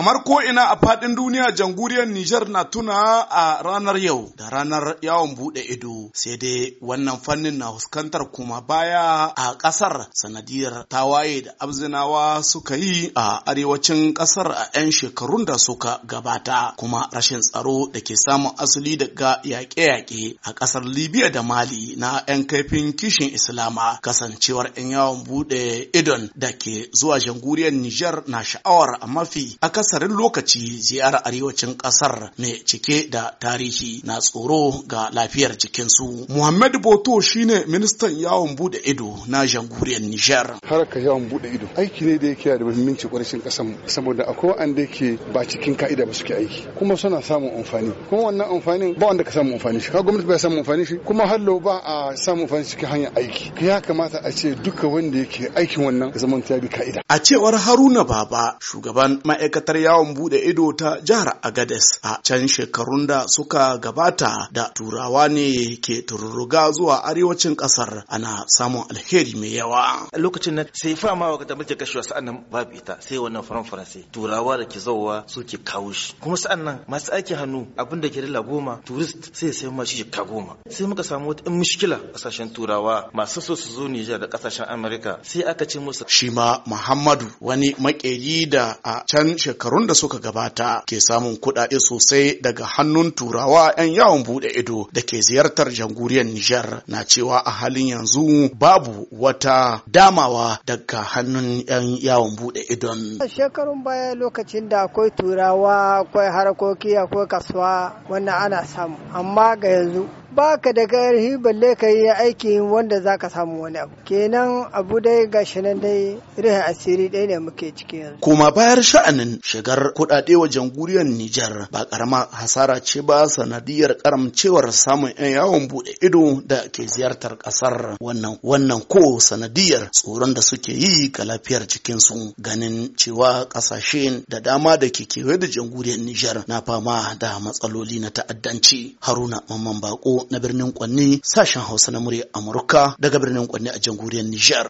kamar ko ina a fadin duniya janguriyar Nijar na tuna a ranar yau da ranar yawon bude ido sai dai wannan fannin na fuskantar kuma baya a kasar sanadiyar tawaye da abzinawa suka yi a arewacin kasar a 'yan shekarun da suka gabata kuma rashin tsaro da ke samun asali daga yaƙe-yaƙe a kasar Libya da Mali na 'yan kaifin kishin Islama kasancewar 'yan yawon bude idon da ke zuwa janguriyar Nijar na sha'awar a mafi akas akasarin lokaci ziyara arewacin kasar mai cike da tarihi na tsoro ga lafiyar jikinsu muhammad boto shine ministan yawon bude ido na jamhuriyar nijar Haraka yawon bude ido aiki ne da yake da muhimmanci kwarishin kasan saboda akwai wanda yake ba cikin ka'ida ba suke aiki kuma suna samun amfani kuma wannan amfanin ba wanda ka samu amfani shi ka gwamnati ba samu amfani shi kuma hallo ba a samu amfani cikin hanyar aiki ya kamata a ce duka wanda yake aikin wannan zaman ta bi ka'ida a cewar haruna baba shugaban ma'aikatar yawon bude ido ta jihar Agades a can shekarun da suka gabata da turawa ne ke tururuga zuwa arewacin kasar ana samun alheri mai yawa. Lokacin na sai fama wa da mulki kashewa sa'an nan babu ita sai wannan faran faransi turawa da ke zauwa suke kawo shi kuma sa'an nan masu aiki hannu da ke dala goma turist sai sai ma shi ka goma sai muka samu wata in mushkila kasashen turawa masu so su zo Nijar da kasashen Amerika sai aka ce musu shima ma Muhammadu wani makeri da a can shekaru shekarun da suka gabata ke samun kuɗaɗe sosai daga hannun turawa 'yan yawon buɗe ido da ke ziyartar jamhuriyar Nijar na cewa a halin yanzu babu wata damawa daga hannun 'yan yawon buɗe idon. Shekarun baya lokacin da akwai turawa akwai harkoki akwai kasuwa wannan ana samu amma ga yanzu baka da ƙarfi balle ka yi aiki wanda za ka samu wani abu kenan abu dai gashi nan dai asiri ɗaya ne muke ciki yanzu. kuma bayar sha'anin shigar kuɗaɗe wajen guriyar nijar ba ƙarama hasara ce ba sanadiyar karamcewar samun 'yan yawon buɗe ido da ke ziyartar ƙasar wannan wannan ko sanadiyar tsoron da suke yi ga lafiyar su ganin cewa ƙasashe da dama da ke kewaye da jamhuriyar nijar na fama da matsaloli na ta'addanci haruna mamman baƙo. na birnin Kwanni sashen Hausa na murya Amurka daga birnin Kwanni a jamhuriyar Niger.